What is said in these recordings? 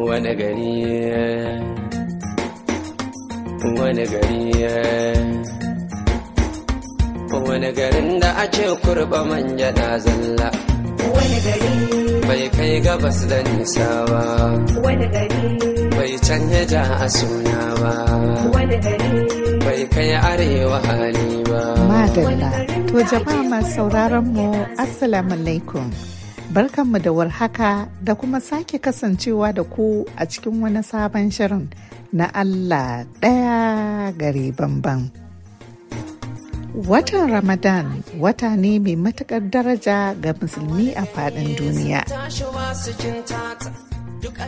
wani gari wani gari wani garin da a ce kurba manja na zalla wani gari bai kai gabas da nisa ba wani gari bai canja ja a suna ba wani gari bai kai arewa hali ba madalla to jama'a masu sauraron mu assalamu alaikum Barkanmu da warhaka da kuma sake kasancewa da ku a cikin wani sabon shirin na Allah ɗaya gari bamban. Watan Ramadan wata ne mai matuƙar daraja ga musulmi a faɗin duniya.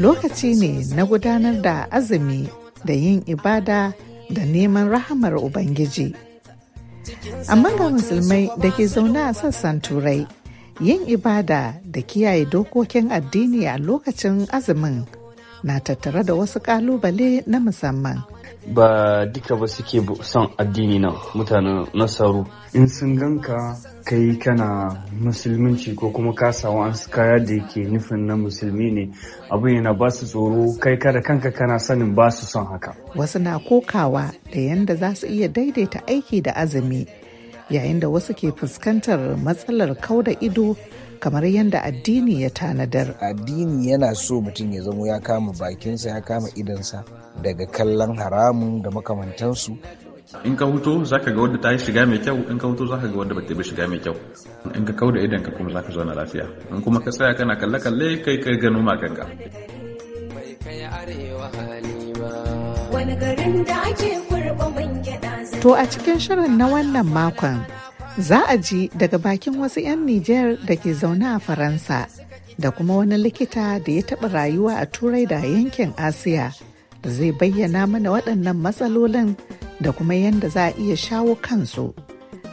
Lokaci ne na gudanar da azumi da yin ibada da neman rahamar Ubangiji. Amma ga musulmai da ke zaune a sassan turai. yin ibada da kiyaye dokokin addini a lokacin azumin na tattare da wasu kalubale na musamman. Ba duka ba suke son addini nan mutanen nasaru. In sun ganka kai kana musulminci ko kuma ka samu an kaya da yake nufin na musulmi ne abin yana ba su tsoro kai kada kanka kana sanin ba su son haka. Wasu na kokawa da yanda za su iya daidaita aiki da azumi yayin da wasu ke fuskantar matsalar kauda ido kamar yadda addini ya tanadar. Addini yana so mutum ya zamo ya kama bakinsa ya kama idansa daga kallon haramun da makamantansu. In ka huto za ka ga wadda ta yi shiga mai kyau, in ka huto za ka ga wadda ba ta yi shiga mai kyau. In ka kauda idan ka kuma za ka zauna lafiya. In kuma ka tsaya kana kalle-kalle kai kai gano ma kanka. Mai kai arewa hali To a cikin shirin na wannan makon za a ji daga bakin wasu 'yan Nijar da ke zaune a Faransa da kuma wani likita da ya taɓa rayuwa a Turai da yankin Asiya da zai bayyana mana waɗannan matsalolin da kuma yadda za a iya shawo kansu.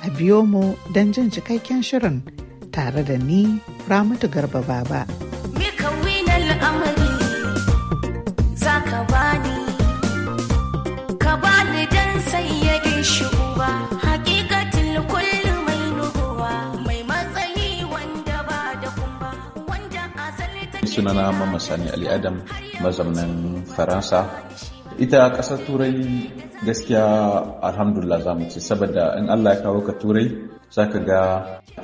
A biyo mu don jin cikakken shirin tare da ni Ramatu Garba Baba. sunana Mamman Sani Ali Adam mazaunin Faransa. Ita ƙasar Turai gaskiya alhamdulillah za mu ce saboda in Allah ya kawo ka Turai za ka ga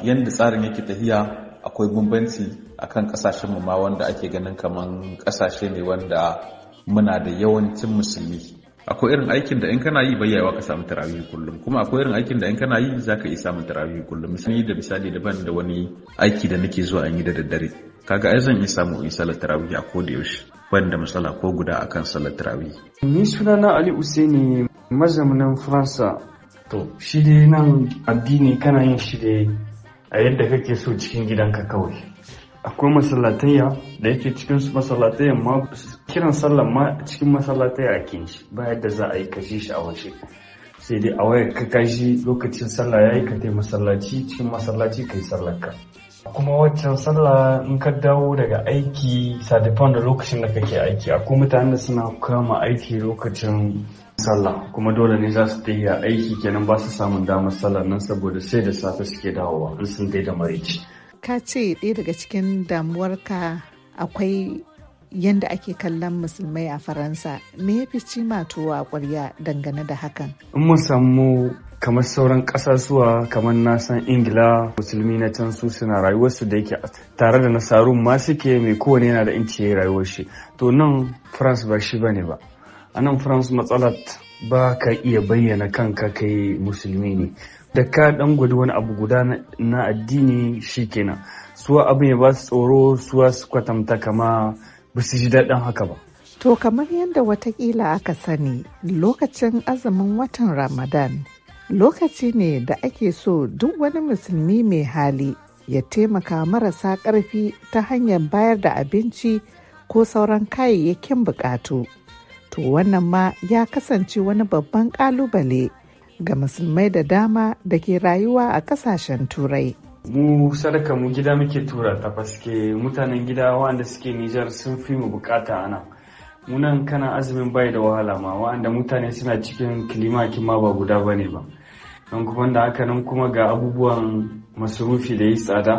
yadda tsarin yake tahiya akwai bambanci a kan ƙasashenmu ma wanda ake ganin kamar ƙasashe ne wanda muna da yawancin musulmi. akwai irin aikin da in kana yi bai yawa ka samu tarawihi kullum kuma akwai irin aikin da in kana yi za ka iya samun tarawihi kullum misali da misali daban da wani aiki da nake zuwa an yi da daddare kaga ai zan iya samu in salar tarawih a ko da yaushe ban da matsala ko guda akan salar tarawih ni sunana ali usaini mazaunin faransa to shi dai nan addini kana yin shi dai a yadda kake so cikin gidanka kawai akwai masallataiya da yake cikin su masallataiya ma kiran sallar ma cikin a ake shi ba yadda za a yi kashe shi a waje sai dai a waya ka kashi lokacin sallah yi ka tai masallaci cikin masallaci ka yi sallar ka kuma waccan sallah in ka dawo daga aiki sadifan da lokacin da kake aiki akwai mutane da suna kama aiki lokacin sallah kuma dole ne za su tafiya aiki kenan ba su samun damar sallah nan saboda sai da safe suke dawowa in sun dai da marici ka ce ɗaya daga cikin damuwarka akwai yadda ake kallon musulmai a faransa me ya fi cimatuwa a ƙwarya dangane da hakan in mun samu kamar sauran ƙasasuwa kamar nasan ingila musulmi na can su suna rayuwarsu da yake tare da nasarun ma suke mai kowane yana da inci ya rayuwar shi to nan france ba shi bane ba a nan france matsalar ba ka iya bayyana kanka kai musulmi ne da ka dan gudu wani abu guda na addini shikenan suwa abin ya ba su tsoro suwa su kwatanta kama ba su ji daɗin haka ba to kamar yadda watakila aka sani lokacin azumin watan ramadan lokaci ne da ake so duk wani musulmi mai hali ya taimaka marasa ƙarfi ta hanyar bayar da abinci ko sauran kayayyakin buƙatu. To wannan ma ya kasance wani babban ƙalubale ga musulmai da dama da ke rayuwa a ƙasashen turai. Mu sadaka mu gida muke tura ta mutanen gida wanda suke Nijar sun fi mu bukata ana. munan kana azumin bai da wahala ma wa'anda mutane suna cikin kilimakin ma ba guda ba ne ba don kuma da haka nan kuma ga abubuwan masurufi da yi tsada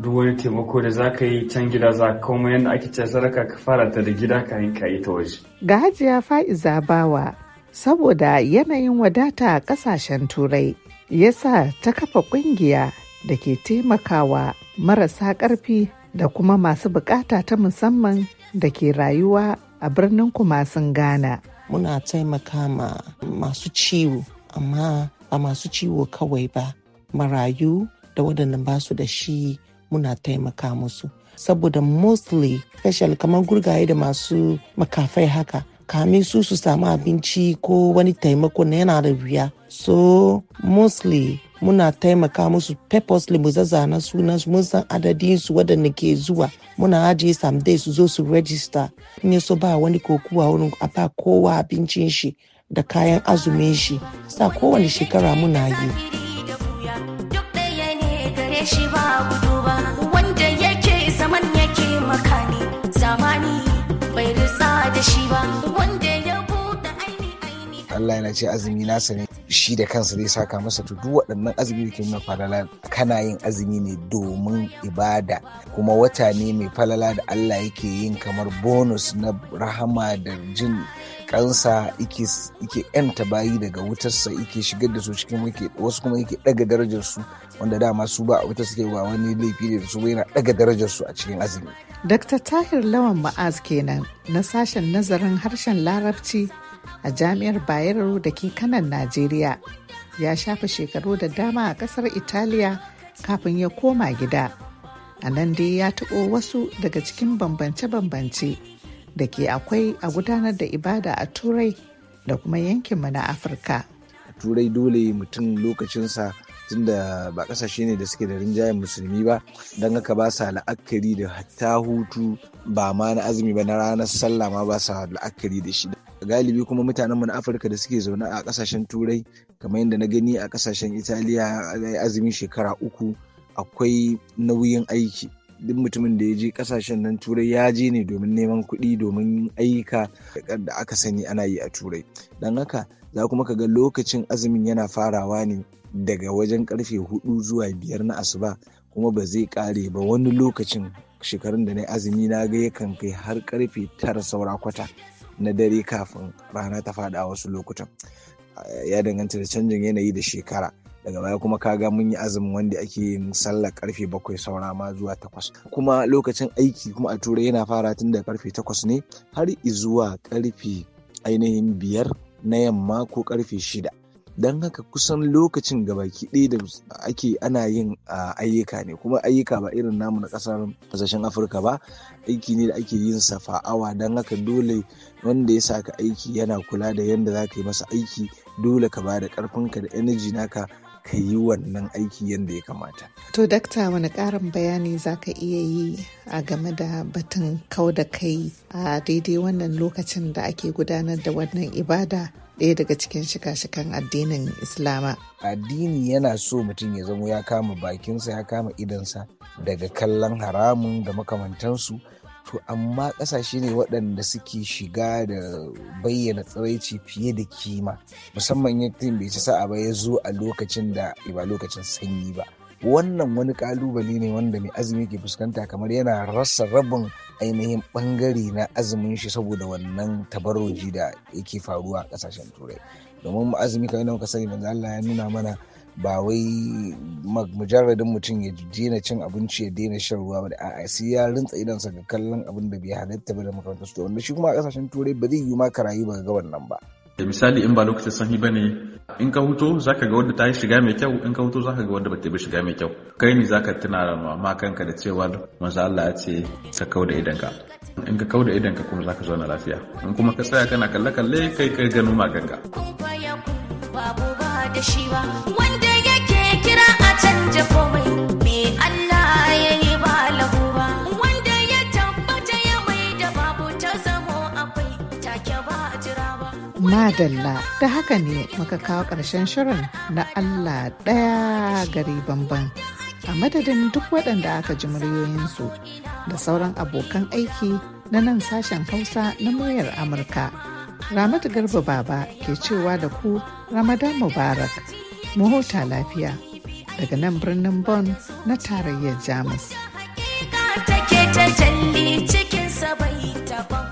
duk wani taimako da za ka yi can gida za ka kuma yadda ake ce sadaka ka fara ta da gida ka ka yi ta waje. ga hajiya fa'iza bawa saboda yanayin wadata a kasashen turai yasa ta kafa kungiya da ke taimakawa marasa ƙarfi da kuma masu bukata ta musamman da ke rayuwa a birnin kumasin Ghana. Muna taimaka ma masu ciwo, amma ba masu ciwo kawai ba, marayu da waɗanda ba su da shi muna taimaka musu. Saboda mostly, special kamar gurgaye da masu makafai haka, kame su su samu abinci ko wani taimako na yana da wuya. So, mostly muna taimaka musu purposely mu zazzana sunan su mun san adadin su wadanda ke zuwa muna ajiye samdai su zo su register in so ba wani kokuwa wurin a ba kowa abincin shi da kayan azumin shi sa kowane shekara muna yi Allah yana ce azumi nasa ne shi da kansa zai saka masa to duk waɗannan azumi yake nuna falala kana yin azumi ne domin ibada kuma wata ne mai falala da Allah yake yin kamar bonus na rahama da jin kansa yake yanta bayi daga wutarsa yake shigar da su cikin wasu kuma yake daga darajar su wanda dama su ba a wutar suke ba wani laifi da su yana daga darajar su a cikin azumi. Dr. Tahir Lawan Ma'az kenan na sashen nazarin harshen Larabci a jami'ar Bayero da ke kanan Najeriya. Ya shafa shekaru da dama a ƙasar Italiya kafin ya koma gida. A nan dai ya taɓo wasu daga cikin bambance-bambance da ke akwai a gudanar da ibada a Turai da kuma yankinmu na Afirka. A Turai dole mutum lokacinsa tunda ba kasashe ne da suke da rinjayen musulmi ba don haka ba sa la'akari da hatta hutu ba ma na azumi ba na ranar sallah ma ba sa la'akari da shi galibi kuma mutanen mu na afirka da suke zaune a kasashen turai kamar yadda na gani a kasashen italiya azumin shekara uku akwai nauyin aiki duk mutumin da ya je kasashen nan turai ya je ne domin neman kuɗi domin ayyuka da aka sani ana yi a turai don haka za kuma ka ga lokacin azumin yana farawa ne daga wajen karfe hudu zuwa biyar na asuba kuma ba zai kare ba wani lokacin shekarun da na azumi na ga yakan kai har karfe tara saura kwata na dare kafin rana ta faɗa a wasu lokutan eh, ya danganta da canjin yanayi da shekara daga baya kuma kaga mun yi azumin wanda ake yin sallar karfe bakwai saura ma zuwa takwas kuma lokacin aiki kuma a turai yana fara tun da karfe takwas ne har zuwa karfe ainihin biyar na yamma ko karfe shida don haka kusan lokacin gabaki ɗaya da ake ana yin ayyuka ne kuma ayyuka ba irin namu na ƙasar ƙasashen afirka ba aiki ne da ake yin safa'awa. awa don haka dole wanda ya sa ka aiki yana kula da yadda za ka yi masa aiki dole ka ba da ƙarfinka da energy naka ka yi wannan aiki yadda ya kamata. To dakta wani ƙarin bayani za ka iya yi a game da batun kau da kai a daidai wannan lokacin da ake gudanar da wannan ibada ɗaya daga cikin shika-shikan addinin islama addini yana so mutum ya zamo ya kama bakinsa ya kama idansa daga kallon haramun da makamantansu to amma ƙasashe ne waɗanda suke shiga da bayyana tsiraici fiye da kima musamman yadda bai ci sa'a ba ya zo a lokacin da ba lokacin sanyi ba wannan wani kalubale ne wanda mai azumi ke fuskanta kamar yana rasa rabin ainihin bangare na azumin shi saboda wannan tabarroji da yake faruwa a kasashen turai domin azumi kamar yadda muka sani manzo Allah ya nuna mana ba wai mujarradin mutum ya daina cin abinci ya daina shan ruwa ba da sai ya rintsa sa ga kallon abin da bai halatta ba da makarantar su wanda shi kuma a kasashen turai ba zai yi ma karayi ba ga wannan ba da misali in ba lokacin sanyi ba ne. in ka huto za ka ga wadda ta yi shiga mai kyau in ka huto za ka ga wadda ba yi shiga mai kyau kai ne za ka tuna da ma kanka da cewa manzo Allah ya ce ka kau da idanka in ka kau da idanka kuma za ka zauna lafiya in kuma ka tsaya kana kalle kalle kai kai gano ma ganga wanda yake kira a canja komai Madalla da haka ne muka kawo ƙarshen shirin na Allah ɗaya gari bamban. A madadin duk waɗanda aka ji muryoyinsu da sauran abokan aiki na nan sashen Hausa na muryar Amurka. Ramatu Garba Baba ke cewa da ku Ramadan Mubarak, mu huta lafiya daga nan birnin Bon na tarayyar Jamus. cikin sabai